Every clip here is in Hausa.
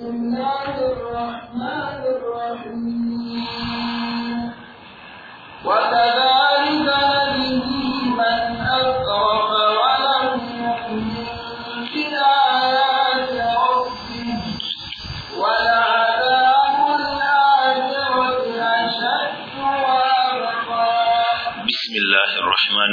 بسم الله الرحمن الرحيم وكذلك نجزي من أسرف ولم يؤمن بآيات ربه ولعذاب الآخرة أشد وأبقى الرحمن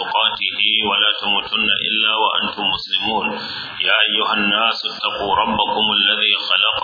تقاته ولا تموتن إلا وأنتم مسلمون يا أيها الناس اتقوا ربكم الذي خلق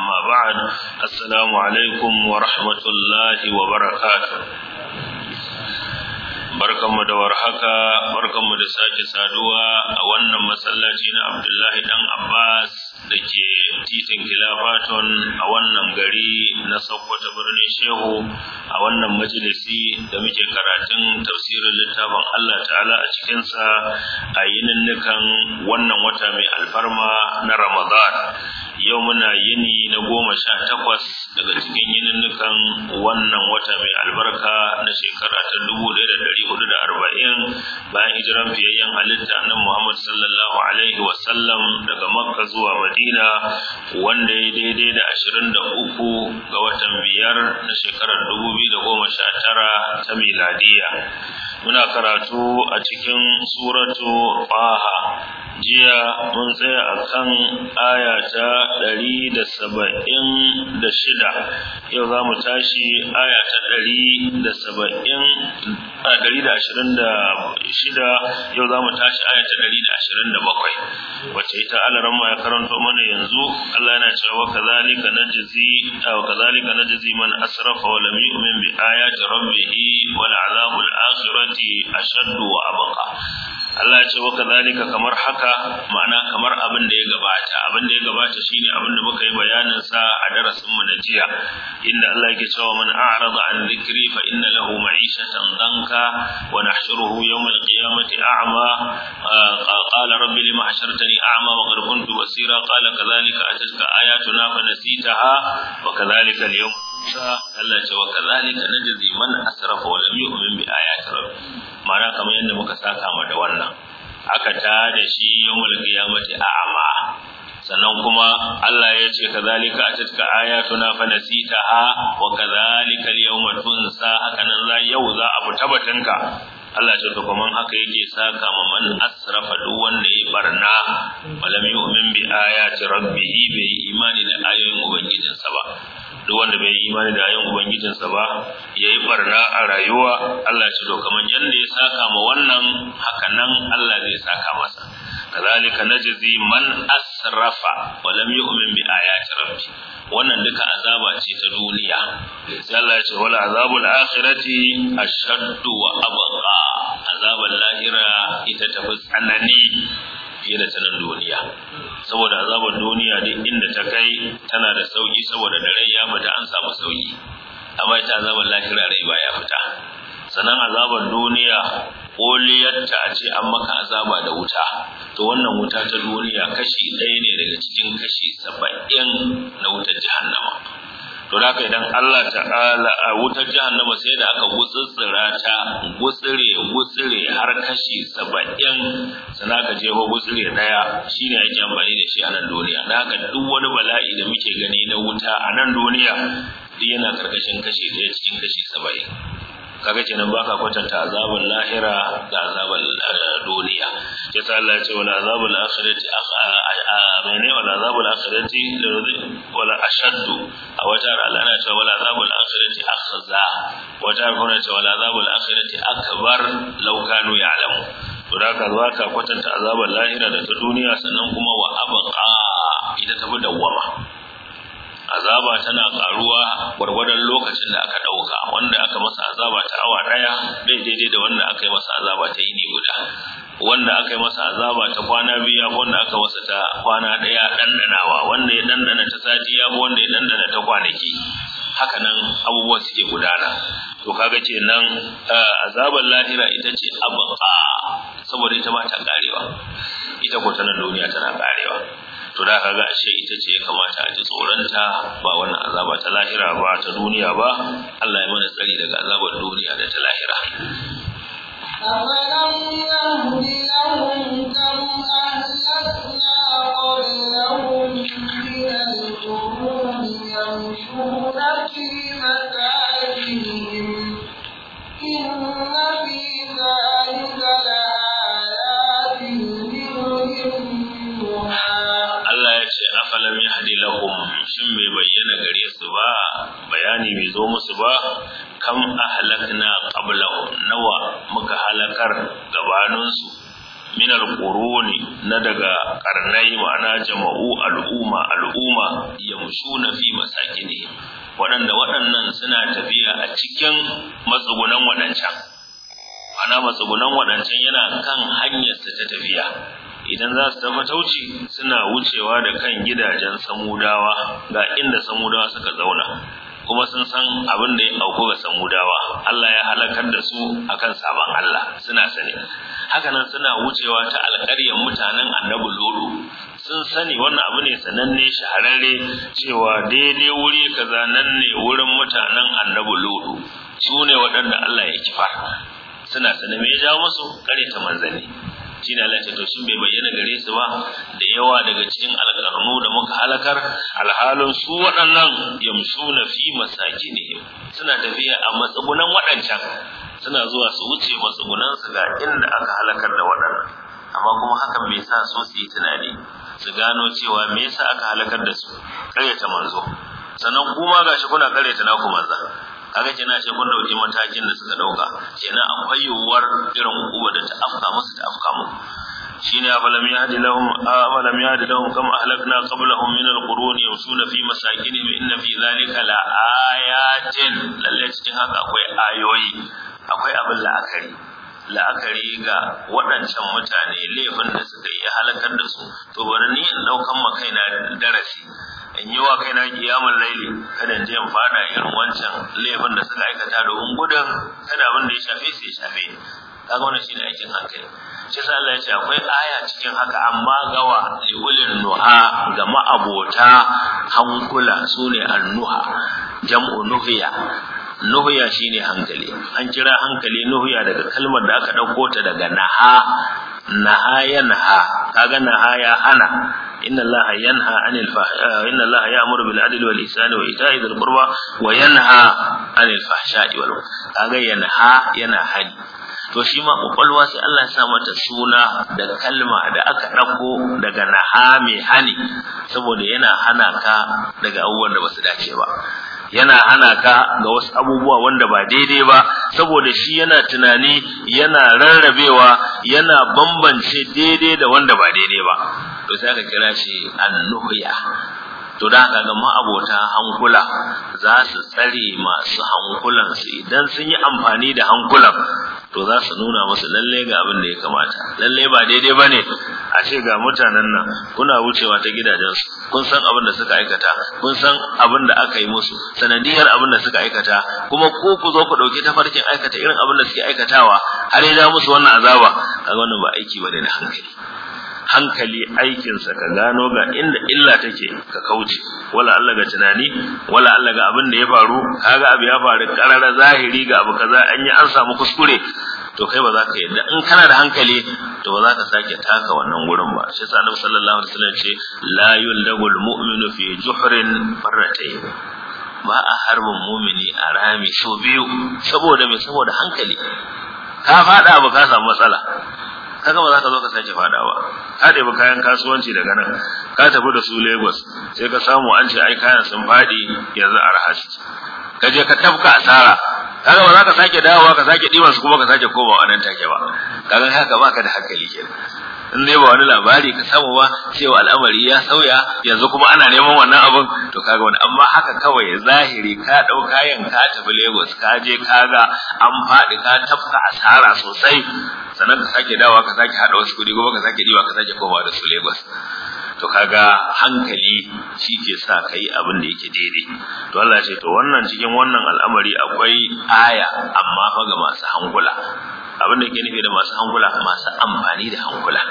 أما بعد السلام عليكم ورحمة الله وبركاته barkan barkanmu da warhaka mu da sake saduwa a wannan masallaci na Abdullahi dan Abbas dake titin Kilafaton a wannan gari na Sokoto birnin Shehu a wannan majalisi da muke karatun tafsirin littafin Allah Ta'ala a cikin sa a yinin wannan wata mai alfarma na Ramadan yau muna yini na goma sha takwas daga cikin yininnukan wannan wata mai albarka na shekara ta dubu ɗaya da ɗari hudu da arba'in bayan hijiran fiyayyen halitta nan Muhammad sallallahu alaihi wasallam daga Makka zuwa Madina wanda ya daidai da ashirin da uku ga watan biyar na shekarar dubu biyu da goma sha tara ta miladiya. Muna karatu a cikin suratu Ƙwaha jiya mun tsaya a kan aya ta ɗari da saba'in da shida yau za mu tashi aya ta ɗari da saba'in a ɗari da ashirin da shida yau za mu tashi aya ta ɗari da ashirin da bakwai wacce ita alaran ma ya karanto mana yanzu Allah yana cewa kazalika najzi aw kazalika najzi man asrafa wa lam yu'min bi ayati rabbih wal azabul akhirati ashaddu wa abqa Allah ya ce wa kadhalika kamar haka ma'ana kamar abin da ya gabata abin da ya gabata shine abin da muka yi bayanin sa a darasin mu na jiya inda Allah yake cewa man a'rada an dhikri fa inna lahu ma'ishatan danka wa nahshuruhu yawm al-qiyamati a'ma qala rabbi lima hashartani a'ma wa qad kuntu basira qala kadhalika atatka ayatuna fa nasitaha wa kadhalika al-yawm Allah ya ce wa kadhalika najzi man asrafa wa lam yu'min bi ayati rabbi mana kamar yadda muka saka ma da wannan aka ta da shi yawmul qiyamati a'ma sannan kuma Allah ya ce kazalika atatka ayatuna fanasitaha wa kazalika al-yawma tunsa haka nan za yau za a fita batanka Allah ce to kuma haka yake saka ma man asrafa duk wanda ya barna walam yu'min bi ayati rabbihi bai imani da ayoyin ubangijinsa ba duk wanda bai yi imani da ayin ubangijinsa ba yayi barna a rayuwa Allah ya ce to kaman yanda ya saka ma wannan haka nan Allah zai saka masa kazalika najzi man asrafa wa lam yu'min bi ayati rabbi wannan duka azaba ce ta duniya sai Allah ya ce wala azabul akhirati ashaddu wa abqa azabul lahira ita tafi tsanani fiye da duniya saboda azabar duniya duk inda ta kai tana da sauki saboda da rai ya fita an samu sauki amma ita azabar lahira rai ba ya fita sannan azabar duniya koliyarta a ce an maka azaba da wuta to wannan wuta ta duniya kashi ɗaya ne daga cikin kashi saba'in na wutar jahannama to da haka idan Allah ta'ala a wutar jahannama sai da aka gutsutsura ta gutsure gutsure har kashi saba'in sana ka ko gutsure daya shine ake amfani da shi a nan duniya da haka duk wani bala'i da muke gani na wuta a nan duniya duk yana karkashin kashi daya cikin kashi saba'in kaga kenan baka kwatanta azabul lahira da azabul eh, duniya yasa Allah ya ce wal azabul akhirati abai ne wala azabul akhirati wala ashaddu a alana Allah cewa wala azabul akhirati akhza wajen kuma cewa wala azabul akhirati akbar law kanu ya'lamu to da ka zuwa ka kwatanta azabar lahira da ta duniya sannan kuma wa abqa ita bada dawwama azaba tana karuwa gurgurdan lokacin da aka dauka wanda aka masa azaba ta awa daya bai daidai da wanda aka yi masa azaba ta yini guda wanda aka yi masa azaba ta kwana biya wanda aka masa ta kwana ɗaya ɗanɗanawa wanda ya ɗanɗana ta sati ya wanda ya ɗanɗana ta kwanaki haka nan abubuwan suke gudana to kaga ce nan azabar lahira ita ce abaka saboda ita ba ta karewa ita ko tana duniya tana karewa to da kaga ashe ita ce ya kamata a ji tsoronta ba wannan azaba ta lahira ba ta duniya ba Allah ya mana tsari daga azabar duniya da ta lahira bai bayyana gare su ba bayani bai zo musu ba kam ahlakna qablahum nawa muka halakar gabaninsu min alquruni na daga karnai ma'ana jama'u al'umma al'umma yamshuna fi masakini waɗanda waɗannan suna tafiya a cikin matsugunan waɗancan ana matsugunan waɗancan yana kan hanyar ta tafiya idan za su tafi tauci suna wucewa da kan gidajen samudawa ga inda samudawa suka zauna kuma sun san abin da ya auku ga samudawa Allah ya halakar da su akan sabon Allah suna sani hakanan suna wucewa ta alkaryar mutanen annabi lolo sun sani wannan abu ne sananne shahararre cewa daidai wuri kaza nan ne wurin mutanen annabi lolo su ne waɗanda Allah ya kifa suna sani me ya jawo musu ta manzanni ne Allah ta sun bai bayyana gare su ba da yawa daga cikin alƙarnu da muka halakar alhalin su waɗannan na fi ne suna tafiya a matsugunan waɗancan suna zuwa su wuce matsugunan su ga inda aka halakar da waɗannan amma kuma hakan bai sa so su yi tunani su gano cewa me yasa aka halakar da su ƙaryata manzo sannan kuma gashi kuna ƙaryata naku manzo kaga kenan ce mun dauki matakin da suka dauka kenan akwai yiwuwar irin hukuma da ta afka musu ta afka mu shine afalam yahdi lahum afalam yahdi lahum kam ahlakna qablahum min alqurun na fi masakinihim inna fi dhalika la ayatin lalle cikin haka akwai ayoyi akwai abin la'akari la'akari ga waɗancan mutane laifin da suka yi halakar da su to bari ni in ɗaukan makaina darasi in yi wa kaina kiyamun laili kada in je in fada irin wancan laifin da suka aikata domin gudun kada abin da ya shafe su ya shafe gauna shi da aikin hankali shi sa Allah ya ce akwai aya cikin haka amma gawa lihulin nuha ga ma'abota hankula sune nuha jam'u nuhiya nuhiya shine hankali an kira hankali nuhiya daga kalmar da aka ɗauko ta daga naha naha ya naha kaga naha ya hana inna allaha yanha anil eh, inna allaha ya'muru bil adli wal ihsani wa ita'i dhil qurba wa yanha anil fahsha'i wal yanha yana hali to shi ma kwakwalwa sai Allah ya sa mata suna daga kalma da aka ɗauko daga naha mai hani saboda yana hana ka daga abubuwan da ba su dace ba yana hana ka ga wasu abubuwa wanda ba daidai ba saboda shi yana tunani yana rarrabewa yana bambance daidai da wanda ba daidai ba to sai aka kira shi Nuhya. to da aka ga ma'abota hankula za su tsare masu hankulansu idan sun yi amfani da hankulan to za su nuna musu lalle ga abin da ya kamata lalle ba daidai ba ne a ce ga mutanen nan kuna wucewa ta gidajensu kun san abin da suka aikata kun san abin da aka yi musu sanadiyar abin da suka aikata kuma ko ku zo ku ɗauki tafarkin aikata irin abin da suke aikatawa har ya musu wannan azaba kaga wannan ba aiki ba ne na hankali hankali aikinsa ka gano ga inda illa take ka kauce wala Allah ga tunani wala Allah ga abin da ya faru kaga abu ya faru karara zahiri ga abu kaza an yi an samu kuskure to kai ba za ka yadda in kana da hankali to ba za ka sake taka wannan gurin ba shi yasa Annabi sallallahu alaihi wasallam ce la yuldagul mu'minu fi juhrin farratayn ba a harbin mumini a rami so biyu saboda me saboda hankali ka faɗa abu ka samu matsala kaga ba za ka zo ka sake fada ka ɗebi kayan kasuwanci daga nan ka tafi da su Lagos sai ka samu an ce ai kayan sun faɗi yanzu a rahashi ka je ka tafka asara kaga ba za ka sake dawowa ka sake ɗiban su kuma ka sake a nan take ba kaga haka ka da hankali kenan in dai ba wani labari ka samu ba cewa al'amari ya sauya yanzu kuma ana neman wannan abin to kaga wani amma haka kawai zahiri ka dau kayan ka tafi Lagos ka je kaga an faɗi ka tafka asara sosai sannan ka sake dawa ka sake hada wasu kudi gobe ka sake diba ka sake komawa da su Lagos to kaga hankali shi ke sa ka yi abin da yake daidai to Allah ce to wannan cikin wannan al'amari akwai aya amma fa ga masu hankula abin da yake nufi da masu hankula masu amfani da hankula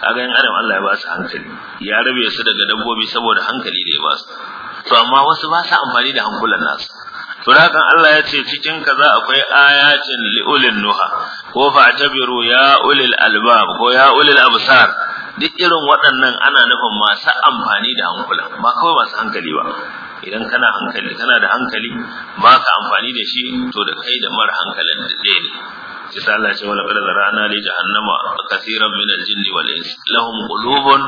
kaga yan adam Allah ya ba su hankali ya rabe su daga dabbobi saboda hankali da ya ba su to amma wasu ba su amfani da hankulan nasu turakan Allah ya ce cikin za akwai ayatin li'ulin nuha ko fa tabiru ya ulil albab ko ya ulil absar duk irin waɗannan ana nufin masu amfani da hankula ba kawai masu hankali ba idan kana hankali kana da hankali ba ka amfani da shi to da kai da mara hankalin da ɗaya ne shi sa Allah ya ce wala qad zara'na li jahannama kaseeran min al-jinn wal ins lahum qulubun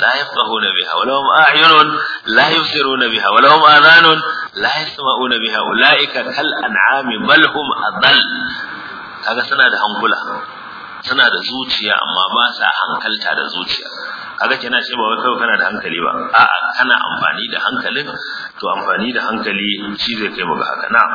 la yafqahuna biha wa lahum a'yunun la yubsiruna biha wa lahum adhanun la yasma'una biha ulaika kal an'ami bal hum adall kaga suna da hankula suna da zuciya amma ba sa hankalta da zuciya kaga kenan shi ba wai kawai kana da hankali ba a'a kana amfani da hankalin to amfani da hankali shi zai kai mu ga haka na?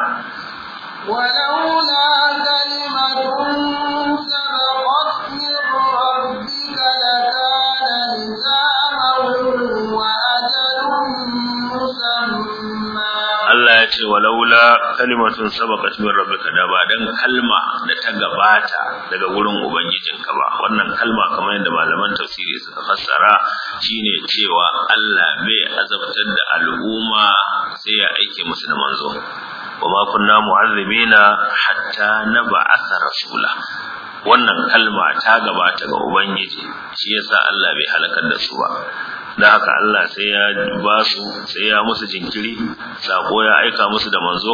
ce walaula kalimatun sabaqat min rabbika da ba dan kalma da ta gabata daga wurin ubangijinka ba wannan kalma kamar yadda malaman tafsiri suka fassara shine cewa Allah bai azabtar da al'umma sai ya aike musu da manzo wa ma kunna mu'azzibina hatta nab'atha rasula wannan kalma ta gabata ga ubangiji shi yasa Allah bai halakar da su ba da haka Allah sai ya ba su sai ya musu jinkiri sako ya aika musu da manzo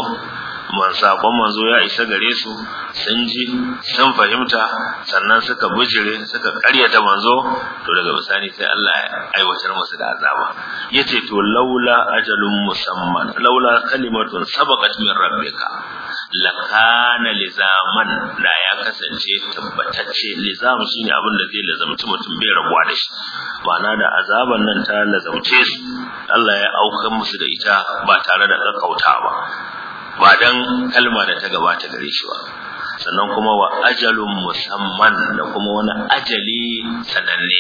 man sakon manzo ya isa gare su sun ji sun fahimta sannan suka bujire suka karyata manzo to daga bisani sai Allah ya aiwatar musu da azaba yace to laula ajalun musamman laula kalimatun sabaqat min rabbika lakana lizaman da ya kasance tabbatacce lizam shine abin da zai lazamci mutum bai rabuwa da shi ma'ana da azaban nan ta lazamce su Allah ya auka musu da ita ba tare da kakauta ba ba dan kalma da ta gabata gare shi ba sannan kuma wa ajalun musamman da kuma wani ajali sananne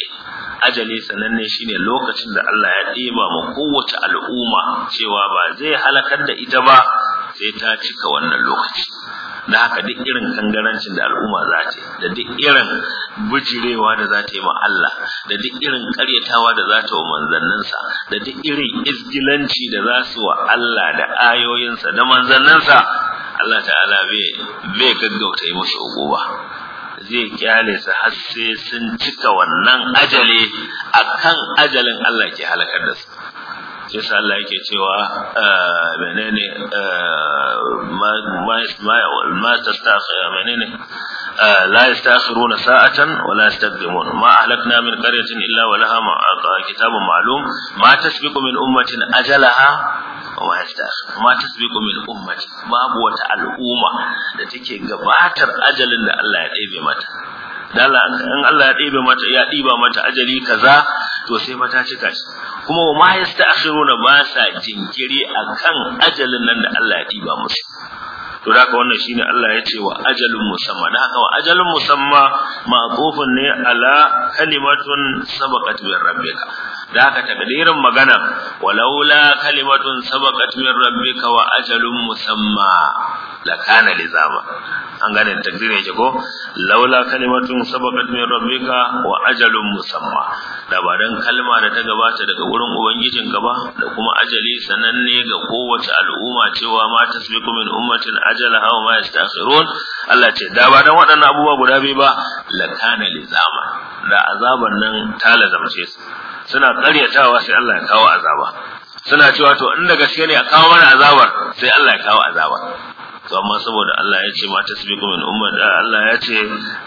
ajali sananne shine lokacin da Allah ya ɗeba ma kowace al'umma cewa ba zai halakar da ita ba sai ta cika wannan lokaci da haka duk irin kangarancin da al'umma za ta da duk irin bujirewa da za ta yi ma Allah da duk irin karyatawa da za ta wa manzanninsa da duk irin izgilanci da za su wa Allah da ayoyinsa da manzanninsa Allah ta'ala bai gaggauta yi musu hukuma zai kyale su har sai sun cika wannan ajali akan ajalin Allah ke halakar da su shi sa Allah yake cewa ah, menene ah, ma ma menene ah, la yastakhiruna sa'atan wa la yastaqdimun ma ahlakna min qaryatin illa wa laha kitabun ma'lum ma tasbiqu min ummatin ajalaha wa ma tasbiqu min ummati babu wata al'umma da take gabatar ajalin da Allah ya ɗebe mata in Allah ya ɗiba mata ya ɗiba mata ajali kaza to sai fa ta cika shi kuma wa ma yasta'khiruna ba sa jinkiri akan ajalin nan da Allah ya ɗiba musu to haka wannan shine Allah ya ce wa ajalun musamma dan haka wa ajalun musamma ma'tufun ne ala kalimatun sabaqat min rabbika da haka takdirin magana walaula kalimatun sabaqat min rabbika wa ajalun musamma lakana lizama an gane takdirin yake ko laula kalimatun sabaqat min rabbika wa ajalun musamma da ba dan kalma da ta gabata daga wurin ubangijin gaba da kuma ajali sananne ga kowace al'umma cewa ma tasbiqu min ummatin ajalaha wa ma yastakhirun Allah ce da ba dan waɗannan abubuwa guda biyu ba lakana lizama da azaban nan ta lazamce su suna karyatawa sai Allah ya kawo azaba suna cewa to in da gaske ne a kawo mana azabar sai Allah ya kawo azaba to amma saboda Allah ya ce ma tasbiqu min ummat eh, Allah ya ce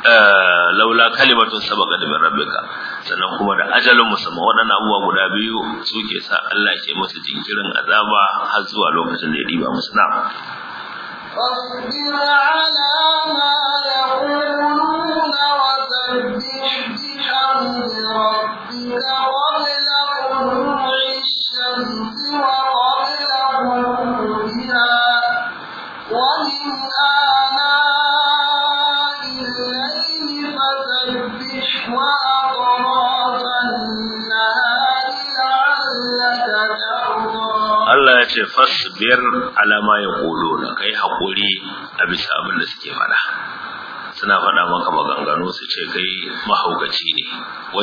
eh, laula kalimatun sabaqat min rabbika sannan kuma da ajalin musamman waɗannan abubuwa guda biyu suke sa Allah ke musu jinkirin azaba har zuwa lokacin da ya diba musu na على ما يقولون وسبح Allah ya ce fasbir ala ma yaquluna kai hakuri a bisa abin da suke faɗa suna faɗa maka maganganu su ce kai mahaukaci ne wa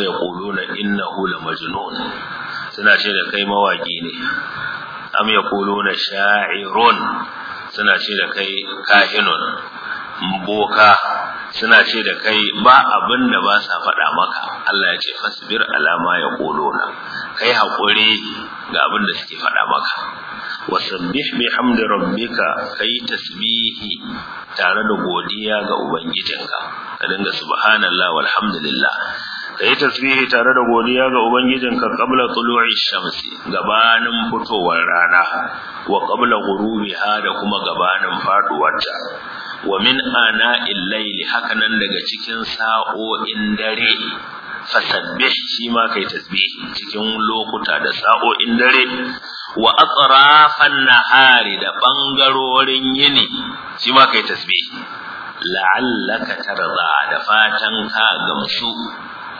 na inna hula majnun suna ce da kai mawaki ne am ya na sha'irun suna ce da kai kahinun boka suna ce da kai ba abin da ba sa faɗa maka Allah ya ce fasbir alama ya na. kai haƙuri ga abin da suke faɗa maka wasabbih bihamdi rabbika kai tasbihi tare da godiya ga ubangijinka ka dinga subhanallahi walhamdulillah kai tasbihi tare da godiya ga ubangijinka qabla tulu'i shamsi gabanin fitowar rana wa qabla ghurubiha da kuma gabanin faduwarta wa min ana'il layli hakanan daga cikin sa'o'in dare fasabbih shi ma kai tasbihi cikin lokuta da sa'o'in dare wa atrafan nahari da bangarorin yini shi ma kai tasbihi la'allaka tarda da fatan ka gamsu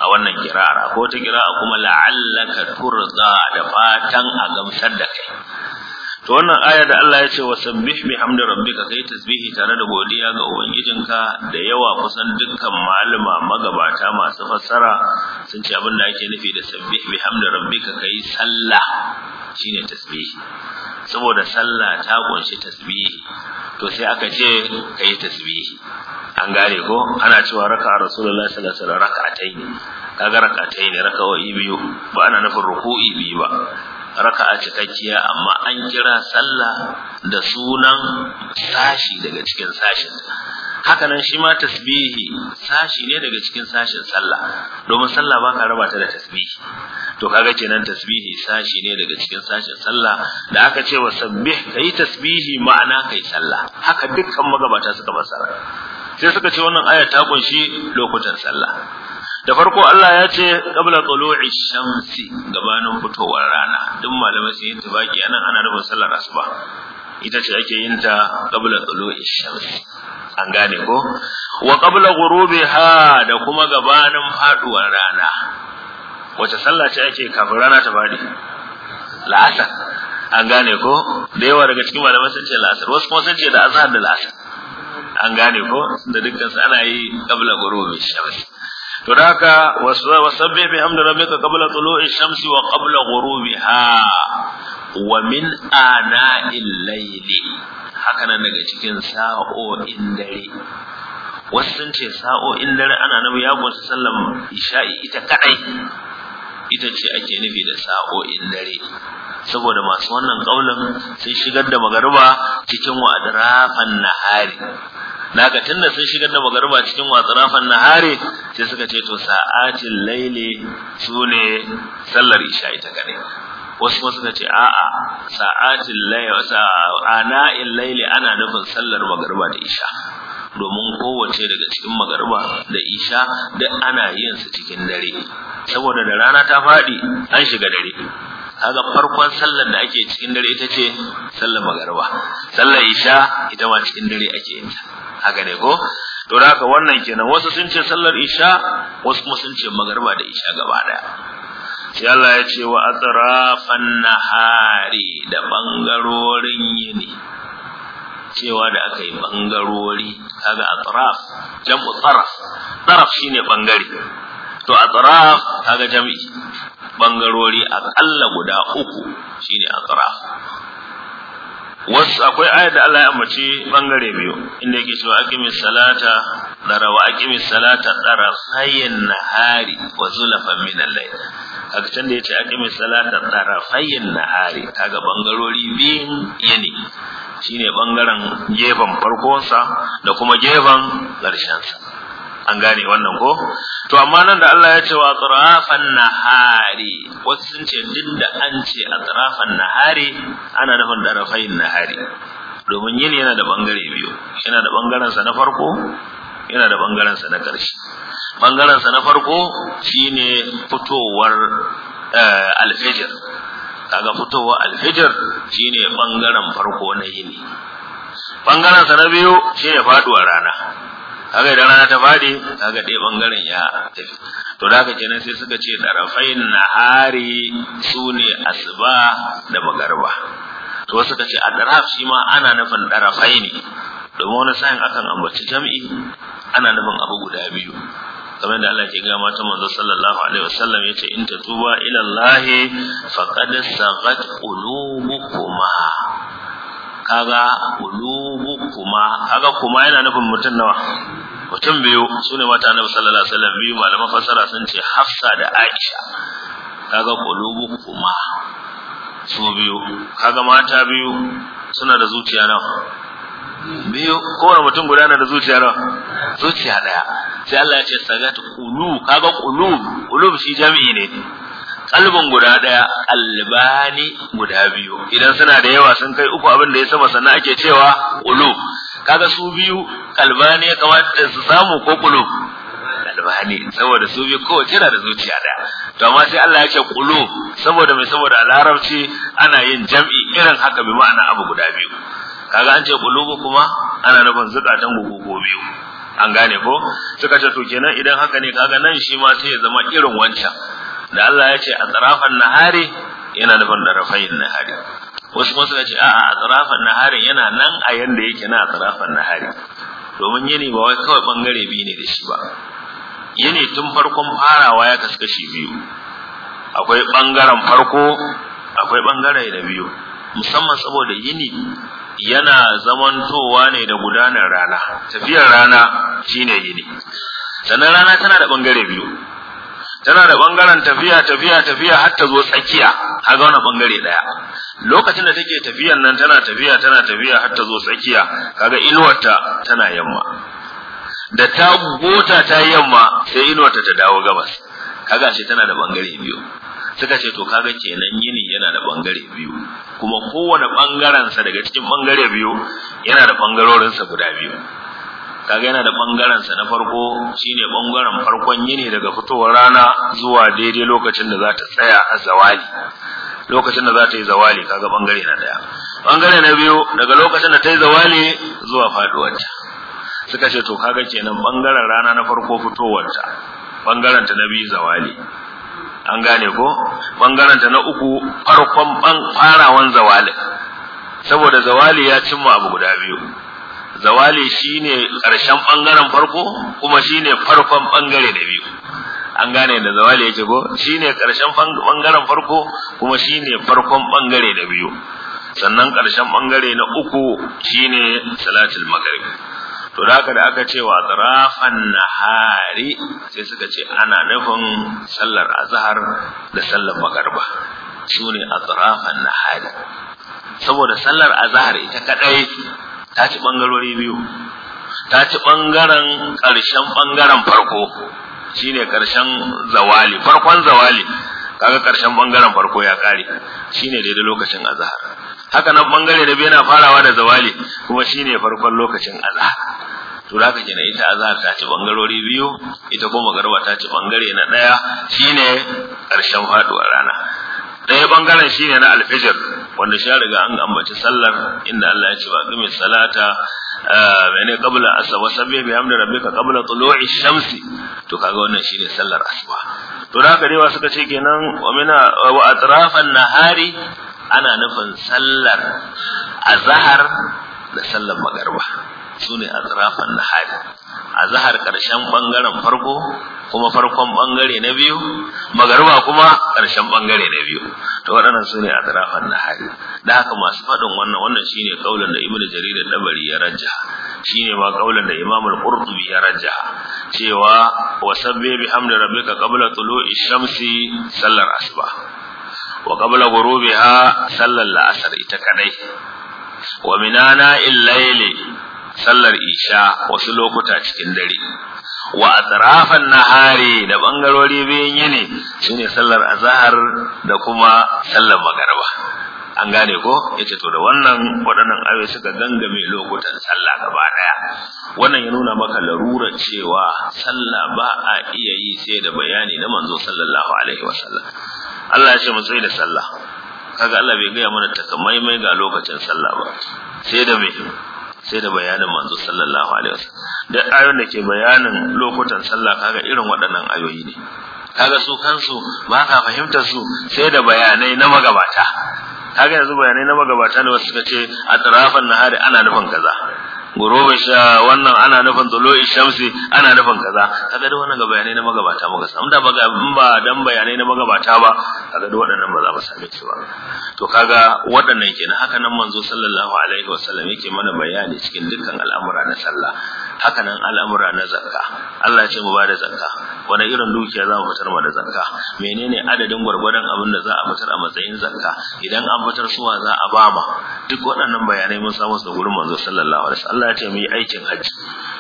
a wannan kirara ko ta kirara kuma la'allaka turza da fatan a gamsar da kai to wannan aya da Allah ya ce wasabbih bihamdi rabbika kai tasbihi tare da godiya ga ubangijinka da yawa kusan dukkan malama magabata masu fassara sun ce abin da ake nufi da sabbih bihamdi rabbika kai sallah shine tasbihi saboda sallah ta kunshi tasbihi to sai aka ce kai tasbihi an gane ko ana cewa raka'a rasulullahi sallallahu alaihi wasallam ne kaga raka'ataini raka'o'i biyu ba ana nufin ruku'i biyu ba raka'a cikakkiya amma an kira sallah da sunan sashi daga cikin sashin haka nan shi ma tasbihi sashi ne daga cikin sashin sallah domin sallah ba ka raba ta da tasbihi to kaga kenan tasbihi sashi ne daga cikin sashin sallah da aka ce wa sabbih kai tasbihi ma'ana kai sallah haka dukkan magabata suka fassara sai suka ce wannan aya ta kunshi lokutan sallah da farko Allah ya ce qabla tulu'i shamsi gabanin fitowar rana duk malamai sai yin tabaki anan ana nufin sallar asuba ita ce ake yin ta qabla tulu'i shamsi an gane ko wa qabla ghurubiha da kuma gabanin faduwar rana wace sallah ce ake kafin rana ta fadi la'asar an gane ko da yawa daga cikin malamai sun ce la'asar wasu kuma sun ce da azhar da la'asar an gane ko da dukkan ana yi qabla ghurubi shamsi to da haka wasabbi bi hamdi rabbika qabla tulu'i shamsi wa qabla ghurubiha wa min ana'il layli haka nan daga cikin sa'o'in dare wasu sun ce sa'o'in dare ana nabi ya kunsa sallam isha'i ita kadai ita ce ake nufi da sa'o'in dare saboda masu wannan kaulin sun shigar da magariba cikin wadrafan nahari naga tunda sun shigar da magariba cikin wadrafan nahari sai suka ce to sa'atil laili sune sallar isha'i ta kadai wasu wasu na ce a'a sa'atin layli layli ana nufin sallar magariba da isha domin kowace daga cikin magariba da isha duk ana yin su cikin dare saboda da rana ta faɗi an shiga dare kaga farkon sallar da ake cikin dare ita ce sallar magariba sallar isha ita ma cikin dare ake yin ta haka ne ko to haka wannan kenan wasu sun ce sallar isha wasu kuma sun ce magariba da isha gaba daya Yalla ya ce wa atrafan nahari da bangarorin yini cewa da aka yi bangarori kaga atraf jam'u taraf taraf shine bangare to atraf kaga jam'i bangarori kalla guda uku shine atraf wasu akwai ayat da Allah ya ambace bangare biyu inda yake cewa aqimi salata dara wa aqimis salata dara hayyin nahari wa zulafan min al-layl kaga can da yace aqimis salata hari nahari ga bangarori biyun yini ne bangaren gefen farkonsa da kuma gefen ƙarshensa an gane wannan ko to amma nan da Allah ya ce wa na nahari wasu sun ce duk da an ce na nahari ana nufin na nahari domin yini yana da bangare biyu yana da bangaren na farko yana da bangaransa na ƙarshe bangaransa na farko shine fitowar eh, alfijir kaga fitowar alfijir shine bangaren farko na yini bangaransa na biyu shine faduwar rana kaga idan rana ta fadi kaga ɗaya bangaren ya tafi to da aka kenan sai suka ce darafain nahari sune asuba da magarba to suka ce adraf shi ma ana nufin ne domin wani sa'in akan ambaci jam'i ana nufin abu guda biyu kamar da Allah ke ga mata manzo sallallahu alaihi wasallam yace in ta tuba, ila Allah faqad saghat qulubukuma kaga qulubukuma kaga kuma yana nufin mutun nawa mutum biyu sune mata annabi sallallahu alaihi wasallam biyu malaman fasara sun ce Hafsa da Aisha kaga qulubukuma su biyu kaga mata biyu suna da zuciya nawa biyu kowane mutum guda na da zuciya nawa zuciya daya sai Allah ya ce sagat qulub kaga qulub qulub shi jami'i ne kalbin guda daya albani guda biyu idan suna da yawa sun kai uku abin da ya sama sannan ake cewa qulub kaga su biyu kalbani ya kamata su samu ko qulub albani saboda su biyu ko tana da zuciya daya to amma sai Allah ya ce qulub saboda mai saboda a ana yin jami'i irin haka bi ma'ana abu guda biyu kaga an ce qulubu kuma ana nufin zukatan gugu ko biyu an gane ko suka ce to kenan idan haka ne kaga nan shi ma sai ya zama irin wancan da Allah ya ce a nahari yana nufin da rafayin nahari wasu kuma suka ce a a tsarafan nahari yana nan a yanda yake na tsarafan nahari domin yini ba wai kawai bangare biyu ne da shi ba yini tun farkon farawa ya kaskashi biyu akwai bangaren farko akwai bangare da biyu musamman saboda yini yana zamantowa ne da gudanar rana tafiyar rana shine yini sannan rana tana da bangare biyu tana da bangaren tafiya tafiya tafiya har ta zo tsakiya har ga wani bangare daya lokacin da take tafiyan nan tana tafiya tana tafiya har ta zo tsakiya kaga inuwarta tana yamma da ta gota ta yamma sai inuwarta ta dawo gabas kaga shi tana da bangare biyu suka ce to kaga kenan yini yana da bangare biyu kuma kowane bangaren sa daga cikin bangare biyu yana da bangarorin sa guda biyu kaga yana da bangaren sa na farko shine bangaren farkon yini daga fitowar rana zuwa daidai lokacin da za ta tsaya a zawali lokacin da za ta yi zawali kaga bangare na daya bangare na biyu daga lokacin da ta yi zawali zuwa faduwarta suka ce to kaga kenan bangaren rana na farko fitowarta bangaren ta na biyu zawali an gane ko bangaren ta na uku farkon farawan zawali saboda zawali ya cimma abu guda biyu zawali shine ƙarshen bangaren farko kuma shine farkon bangare na biyu an gane da zawali yake ko shine ƙarshen bangaren farko kuma shine farkon bangare na biyu sannan ƙarshen bangare na uku shine salatul maghrib to da haka da aka ce wa zarafan nahari sai suka ce ana nufin sallar azhar da sallar magarba sune azrafan nahari saboda sallar azhar ita kadai ta ci bangarori biyu ta ci bangaren ƙarshen bangaren farko shine ƙarshen zawali farkon zawali kaga ƙarshen bangaren farko ya kare shine daidai lokacin azhar haka nan bangare da yana farawa da zawali kuma shine farkon lokacin azhar to da ka gina ita azhar ta ci bangarori biyu ita kuma magarba ta ci bangare na daya shine karshen faduwar rana daya bangaren shine na alfajr wanda shi riga an ambaci sallar inda Allah ya ce ba kimi salata mene qabla aswa sabbi bi rabbika qabla tulu'i shamsi to kaga wannan shine sallar asuba to da ka dai suka ce kenan wa mina wa atrafan nahari ana nufin sallar azhar da sallar magarba su ne azrafan nahari azhar karshen bangaren farko kuma farkon bangare na biyu magarba kuma karshen bangare na biyu to waɗannan su ne azrafan nahari da haka masu faɗin wannan wannan shine kaulan da ibnu jarir al-dabari ya rajja shine ma kaulan da imam al-qurtubi ya rajja cewa wasabbi bihamdi rabbika qabla tulu'i shamsi sallar asuba wa qabla ghurubiha sallar la'asar ita kadai wa minana illaili sallar isha wasu lokuta cikin dare wa atrafan nahari da bangarori bayan yini shine sallar azhar da kuma sallar magariba an gane ko yace to da wannan waɗannan ayoyi suka gangame lokutan sallah gaba daya wannan ya nuna maka larurar cewa sallah ba a iya yi sai da bayani na manzo sallallahu alaihi wasallam Allah ya ce mu tsaye da sallah kaga Allah bai gaya mana takamaimai ga lokacin sallah ba sai da mai sai da bayanin manzo sallallahu alaihi wasallam da ayoyin da ke bayanin lokutan sallah kaga irin waɗannan ayoyi ne kaga su kansu ba ka fahimta su sai da bayanai na magabata kaga yanzu bayanai na magabata ne wasu suka ce a tsarafan nahari ana nufin kaza guroba sha wannan ana nufin tulu'i shamsi ana nufin kaza kaga da wannan bayanai na magabata muka samu da ba ba dan bayanai na magabata ba kaga da waɗannan ba za mu same su ba to kaga waɗannan kenan haka nan manzo sallallahu alaihi wasallam yake mana bayani cikin dukkan al'amura na sallah haka nan al'amura na zakka Allah ya ce mu bada zakka wani irin dukiya za mu fitar ma da zakka menene adadin gwargwadon abin da za a fitar a matsayin zakka idan an fitar suwa za a ba ma duk waɗannan bayanai mun samu su da gurin manzo sallallahu alaihi wasallam Allah ya ce mu yi aikin hajji.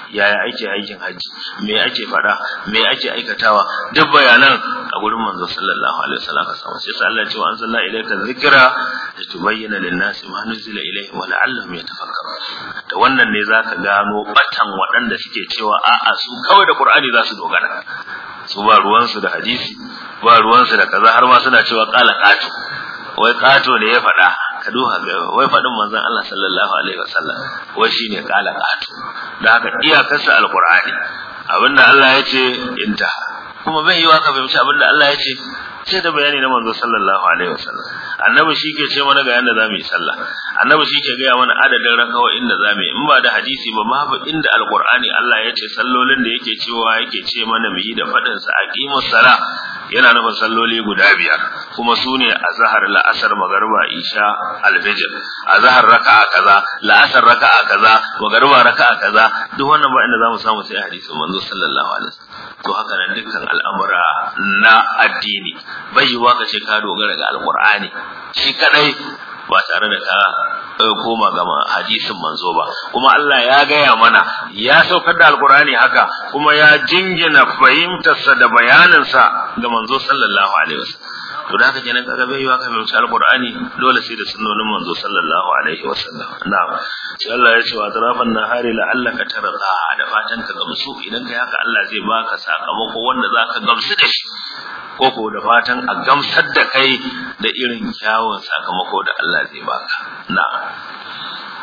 yaya ake aikin hajji me ake fada me ake aikatawa duk bayanan a gurin manzo sallallahu alaihi wasallam ka samu sai Allah ya ce wa anzalna ilayka dhikra litubayyana lin-nasi ma nuzila ilayhim wa la'allahum yatafakkarun da wannan ne zaka gano batan waɗanda suke cewa a'a su kawai da Qur'ani za su dogara su ba ruwansu da hadisi ba ruwansu da kaza har ma suna cewa qala qatu wai qatu ne ya faɗa ka duba ga wai fadin manzon Allah sallallahu alaihi wasallam wai shine kala qatu dan haka iyakarsa alqur'ani abinda Allah ya ce inta kuma bai yi wa ka fahimci abinda Allah ya ce ce da bayani na manzo sallallahu alaihi wasallam annabi ke ce mana ga yanda zamu yi sallah annabi ke gaya mana adadin rakawa inda zamu yi in ba da hadisi ba babu inda alqur'ani Allah ya ce sallolin da yake cewa yake ce mana mu yi da fadin sa aqimus sala yana nufin salloli guda biyar kuma sune azhar la'asar magriba isha alfajr azhar raka'a kaza la'asar raka'a kaza magriba raka'a kaza duk wannan ba inda zamu samu sai hadisin manzo sallallahu alaihi wasallam to haka nan dukkan al'amura na addini bai yiwa ka ce ka dogara ga alqur'ani shi kadai ba tare da ka eh, koma ga hadisin manzo ba kuma Allah ya gaya mana ya saukar da alqur'ani haka kuma ya jingina fahimtarsa da bayaninsa ga manzo sallallahu alaihi wasallam to da haka kenan kaga bai ka fahimci alqur'ani dole sai da sunnonin manzo sallallahu alaihi wasallam na'am sai Allah ya ce wa tarafan nahari la'allaka tarza da fatan ka gamsu idan kai haka Allah zai baka sakamako wanda zaka gamsu da shi ko da fatan a gamsar da kai da irin kyawun sakamako da Allah zai baka na'am